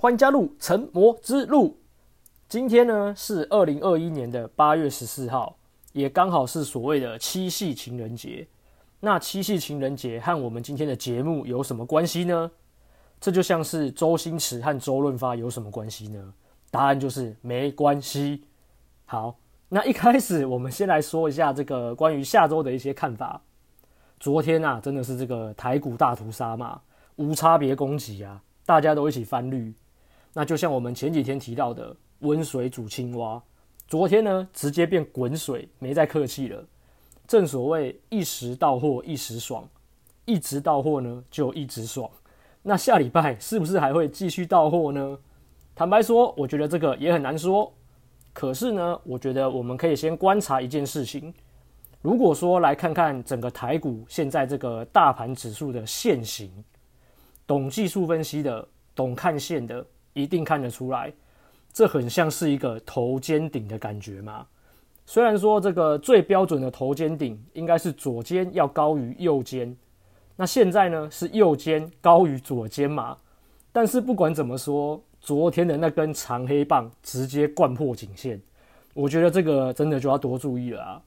歡迎加入成魔之路。今天呢是二零二一年的八月十四號，也剛好是所謂的七夕情人節。那七夕情人節和我們今天的節目有什麼關係呢？這就像是周星馳和周潤發有什麼關係呢？答案就是沒關係。好，那一開始我們先來說一下這個關於下周的一些看法。昨天啊，真的是這個台股大屠殺嘛，無差別攻擊啊，大家都一起翻綠。那就像我們前幾天提到的“溫水煮青蛙”，昨天呢直接變滾水，沒再客氣了。正所謂一時到貨一時爽，一直到貨呢就一直爽。那下禮拜是不是還會繼續到貨呢？坦白說，我覺得這個也很難說。可是呢，我覺得我們可以先觀察一件事情。如果說來看看整個台股現在這個大盤指數的線型，懂技術分析的，懂看線的。一定看得出來，這很像是一個頭肩頂的感覺嗎？雖然說這個最標準的頭肩頂應該是左肩要高於右肩，那現在呢是右肩高於左肩嘛，但是不管怎麼說，昨天的那根長黑棒直接貫破頸線，我覺得這個真的就要多注意了啊。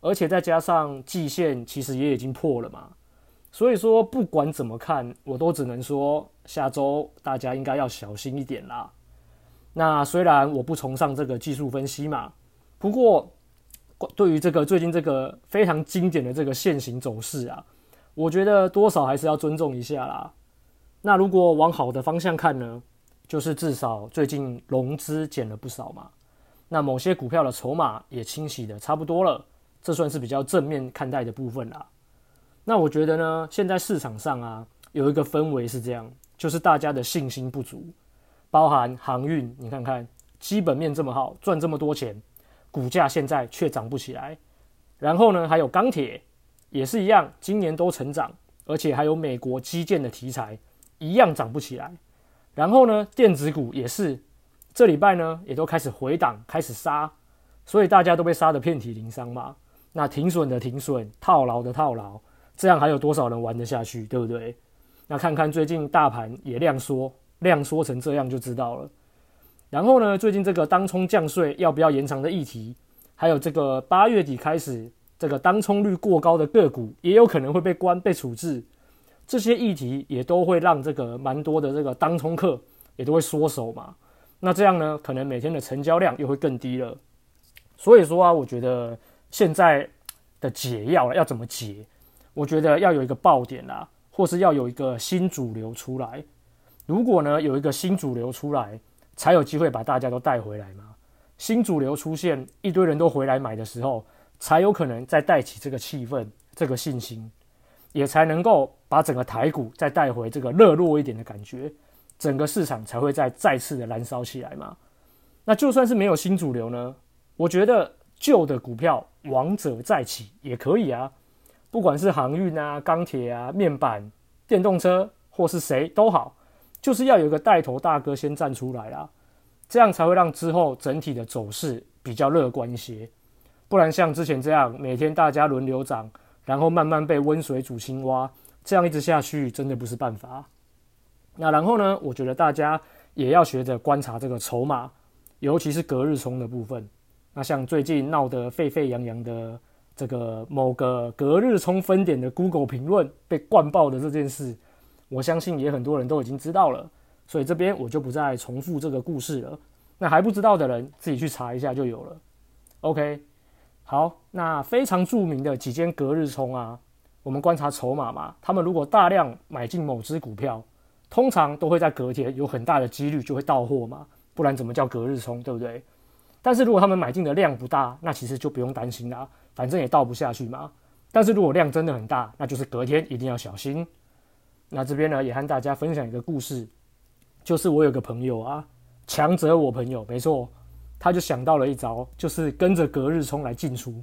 而且再加上季線其實也已經破了嘛。所以說，不管怎麼看，我都只能說下周大家應該要小心一點啦。那雖然我不崇尚這個技術分析嘛，不過對於這個最近這個非常經典的這個線型走勢啊，我覺得多少還是要尊重一下啦。那如果往好的方向看呢，就是至少最近融資減了不少嘛，那某些股票的籌碼也清洗的差不多了，這算是比較正面看待的部分啦。那我覺得呢，現在市場上啊，有一個氛圍是這樣，就是大家的信心不足，包含航運，你看看基本面這麼好，賺這麼多錢，股價現在卻漲不起來。然後呢，還有鋼鐵也是一樣，今年都成長，而且還有美國基建的題材一樣漲不起來。然後呢，電子股也是，這禮拜呢也都開始回檔，開始殺，所以大家都被殺得遍體鱗傷嘛。那停損的停損，套牢的套牢，這樣還有多少人玩得下去，對不對？那看看最近大盤也量縮，量縮成這樣就知道了。然後呢，最近這個當沖降稅要不要延長的議題，還有這個八月底開始這個當沖率過高的個股，也有可能會被關被處置。這些議題也都會讓這個蠻多的這個當沖客也都會縮手嘛。那這樣呢，可能每天的成交量又會更低了。所以說啊，我覺得現在的解藥要怎麼解？我覺得要有一個爆點啊，或是要有一個新主流出來。如果呢，有一個新主流出來，才有機會把大家都帶回來嘛。新主流出現，一堆人都回來買的時候，才有可能再帶起這個氣氛、這個信心，也才能夠把整個台股再帶回這個熱絡一點的感覺，整個市場才會再再次的燃燒起來嘛。那就算是沒有新主流呢，我覺得舊的股票王者再起也可以啊。不管是航運啊、鋼鐵啊、面板、電動車，或是誰都好，就是要有一個帶頭大哥先站出來啦，這樣才會讓之後整體的走勢比較樂觀一些。不然像之前這樣，每天大家輪流漲，然後慢慢被溫水煮青蛙，這樣一直下去真的不是辦法。那然後呢，我覺得大家也要學着觀察這個籌碼，尤其是隔日沖的部分。那像最近鬧得沸沸揚揚的。這個某個隔日沖分點的 Google 評論被灌爆的這件事，我相信也很多人都已經知道了，所以這邊我就不再重複這個故事了。那還不知道的人自己去查一下就有了。OK，好，那非常著名的幾間隔日沖啊，我們觀察籌碼嘛，他們如果大量買進某隻股票，通常都會在隔天有很大的幾率就會到貨嘛，不然怎麼叫隔日沖對不對？但是如果他們買進的量不大，那其實就不用擔心啦。反正也倒不下去嘛，但是如果量真的很大，那就是隔天一定要小心。那這邊呢，也和大家分享一個故事，就是我有個朋友啊，強者我朋友沒錯，他就想到了一招，就是跟着隔日沖來進出。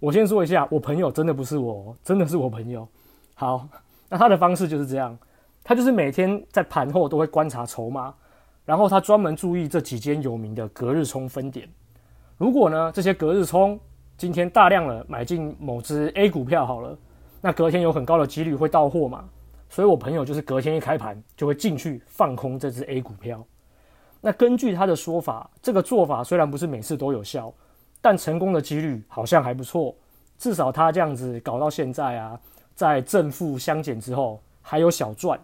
我先說一下，我朋友真的不是我，真的是我朋友。好，那他的方式就是這樣，他就是每天在盤後都會觀察籌碼，然後他專門注意這幾間有名的隔日沖分點。如果呢，這些隔日沖今天大量的買進某隻 A 股票，好了，那隔天有很高的幾率會到貨嘛，所以我朋友就是隔天一開盤就會進去放空這隻 A 股票。那根據他的說法，這個做法雖然不是每次都有效，但成功的幾率好像還不錯。至少他這樣子搞到現在啊，在正負相減之後還有小賺。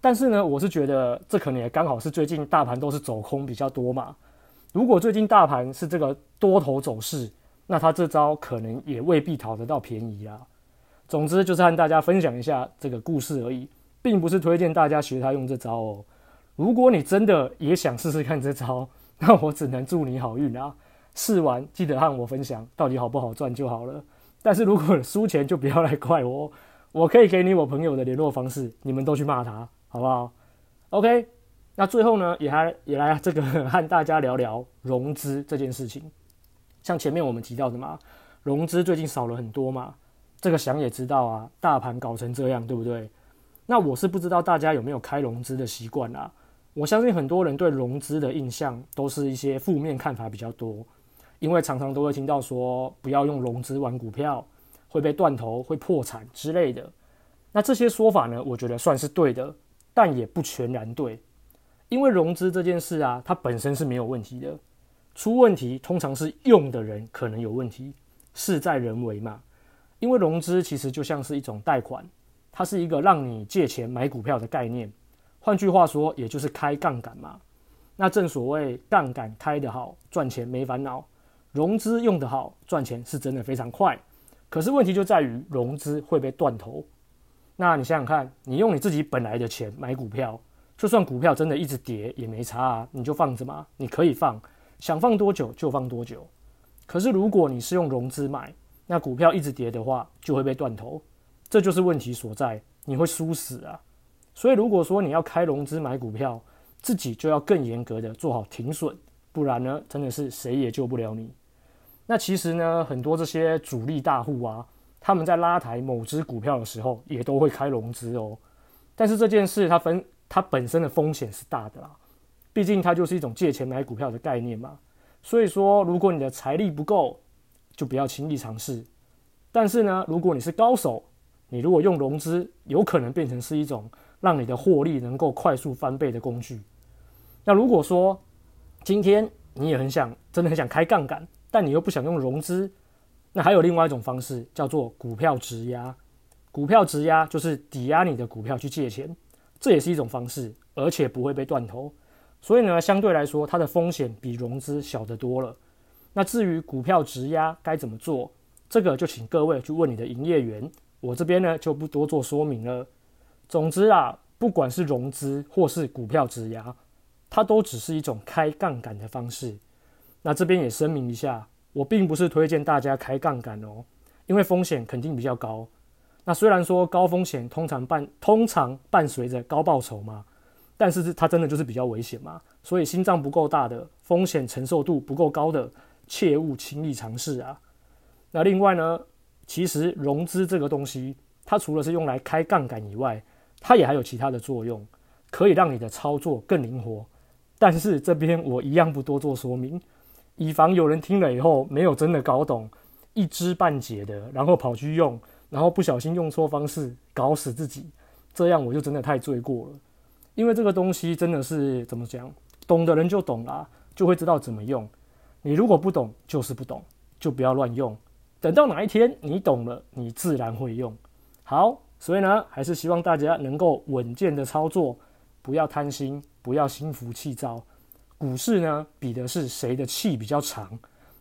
但是呢，我是覺得這可能也剛好是最近大盤都是走空比較多嘛。如果最近大盤是這個多頭走勢，那他這招可能也未必討得到便宜啊。總之就是和大家分享一下這個故事而已，並不是推薦大家學他用這招哦。如果你真的也想試試看這招，那我只能祝你好運啊。試完記得和我分享到底好不好賺就好了。但是如果輸錢就不要來怪我，我可以給你我朋友的聯絡方式，你們都去罵他，好不好？OK。那最後呢，也還也來這個和大家聊聊融資這件事情。像前面我們提到的嘛，融資最近少了很多嘛，這個想也知道啊。大盤搞成這樣，對不對？那我是不知道大家有沒有開融資的習慣啊。我相信很多人對融資的印象都是一些負面看法比較多，因為常常都會聽到說不要用融資玩股票，會被斷頭、會破產之類的。那這些說法呢，我覺得算是對的，但也不全然對，因為融資這件事啊，它本身是沒有問題的。出問題通常是用的人可能有問題，事在人為嘛。因為融資其實就像是一種貸款，它是一個讓你借錢買股票的概念。換句話說，也就是開槓桿嘛。那正所謂槓桿開得好，賺錢沒煩惱；融資用得好，賺錢是真的非常快。可是問題就在於融資會被斷頭。那你想想看，你用你自己本來的錢買股票，就算股票真的一直跌也沒差啊，你就放着嘛，你可以放。想放多久就放多久，可是如果你是用融資買，那股票一直跌的話，就會被斷頭，這就是問題所在，你會輸死啊！所以如果說你要開融資買股票，自己就要更嚴格的做好停損，不然呢，真的是誰也救不了你。那其實呢，很多這些主力大戶啊，他們在拉抬某隻股票的時候，也都會開融資哦，但是這件事它分它本身的風險是大的啦、啊。畢竟它就是一種借錢買股票的概念嘛，所以說如果你的財力不夠，就不要輕易嘗試。但是呢，如果你是高手，你如果用融資，有可能變成是一種讓你的獲利能夠快速翻倍的工具。那如果說今天你也很想，真的很想開槓桿，但你又不想用融資，那還有另外一種方式叫做股票質押。股票質押就是抵押你的股票去借錢，這也是一種方式，而且不會被斷頭。所以呢，相對來說，它的風險比融資小得多了。那至於股票質押該怎麼做，這個就請各位去問你的營業員。我這邊呢就不多做說明了。總之啊，不管是融資或是股票質押，它都只是一種開槓桿的方式。那這邊也聲明一下，我並不是推薦大家開槓桿哦，因為風險肯定比較高。那雖然說高風險通常伴通常伴隨着高報酬嘛。但是它真的就是比較危險嘛，所以心臟不夠大的、風險承受度不夠高的，切勿輕易嘗試啊。那另外呢，其實融資這個東西，它除了是用來開槓桿以外，它也還有其他的作用，可以讓你的操作更靈活。但是這邊我一樣不多做說明，以防有人聽了以後沒有真的搞懂，一知半解的，然後跑去用，然後不小心用錯方式搞死自己，這樣我就真的太罪過了。因為這個東西真的是怎麼講，懂的人就懂啦、啊，就會知道怎麼用。你如果不懂，就是不懂，就不要亂用。等到哪一天你懂了，你自然會用。好，所以呢，還是希望大家能夠穩健的操作，不要貪心，不要心浮氣躁。股市呢，比的是誰的氣比較長，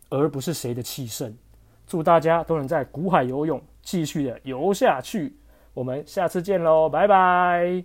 而不是誰的氣盛。祝大家都能在股海游泳，繼續的游下去。我們下次見嘍，拜拜。